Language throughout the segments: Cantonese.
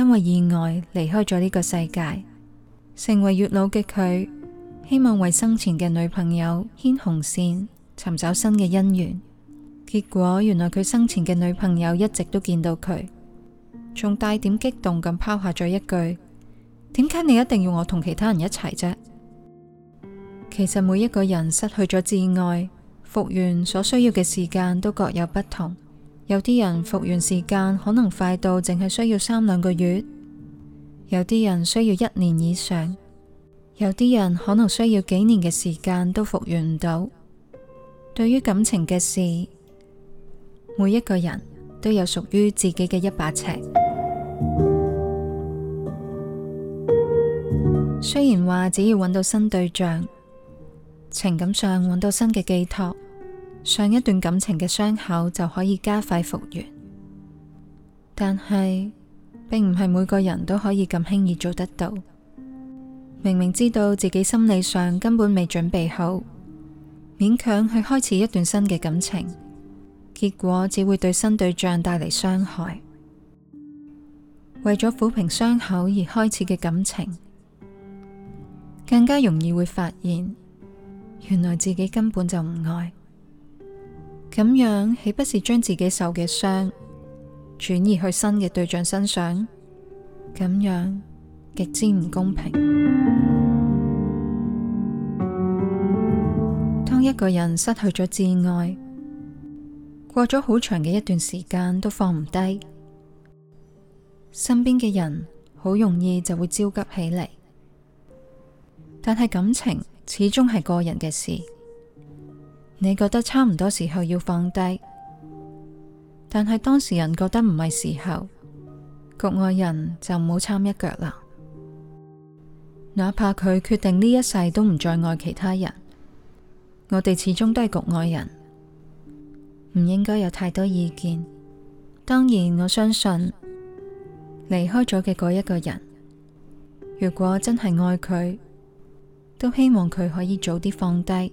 因為意外離開咗呢個世界，成為月老嘅佢，希望為生前嘅女朋友牽紅線，尋找新嘅姻緣。結果原來佢生前嘅女朋友一直都見到佢，仲帶點激動咁拋下咗一句：點解你一定要我同其他人一齊啫？其實每一個人失去咗至愛，復原所需要嘅時間都各有不同。有啲人復原時間可能快到淨係需要三兩個月，有啲人需要一年以上，有啲人可能需要幾年嘅時間都復原唔到。對於感情嘅事，每一個人都有屬於自己嘅一把尺。雖然話只要揾到新對象，情感上揾到新嘅寄託。上一段感情嘅傷口就可以加快復原，但係並唔係每個人都可以咁輕易做得到。明明知道自己心理上根本未準備好，勉強去開始一段新嘅感情，結果只會對新對象帶嚟傷害。為咗撫平傷口而開始嘅感情，更加容易會發現，原來自己根本就唔愛。咁樣豈不是將自己受嘅傷轉移去新嘅對象身上？咁樣極之唔公平。 當一個人失去咗摯愛，過咗好長嘅一段時間都放唔低，身邊嘅人好容易就會焦急起嚟。但係感情始終係個人嘅事。你覺得差唔多時候要放低，但係當事人覺得唔係時候，局外人就唔好參一腳啦。哪怕佢決定呢一世都唔再愛其他人，我哋始終都係局外人，唔應該有太多意見。當然，我相信離開咗嘅嗰一個人，如果真係愛佢，都希望佢可以早啲放低。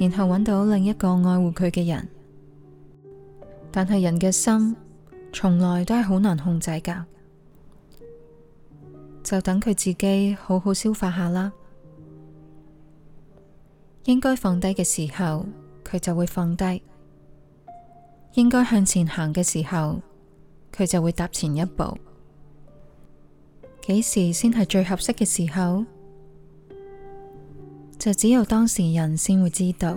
然後揾到另一個愛護佢嘅人，但係人嘅心從來都係好難控制㗎，就等佢自己好好消化下啦。應該放低嘅時候，佢就會放低；應該向前行嘅時候，佢就會踏前一步。幾時先係最合適嘅時候？就只有當事人先會知道。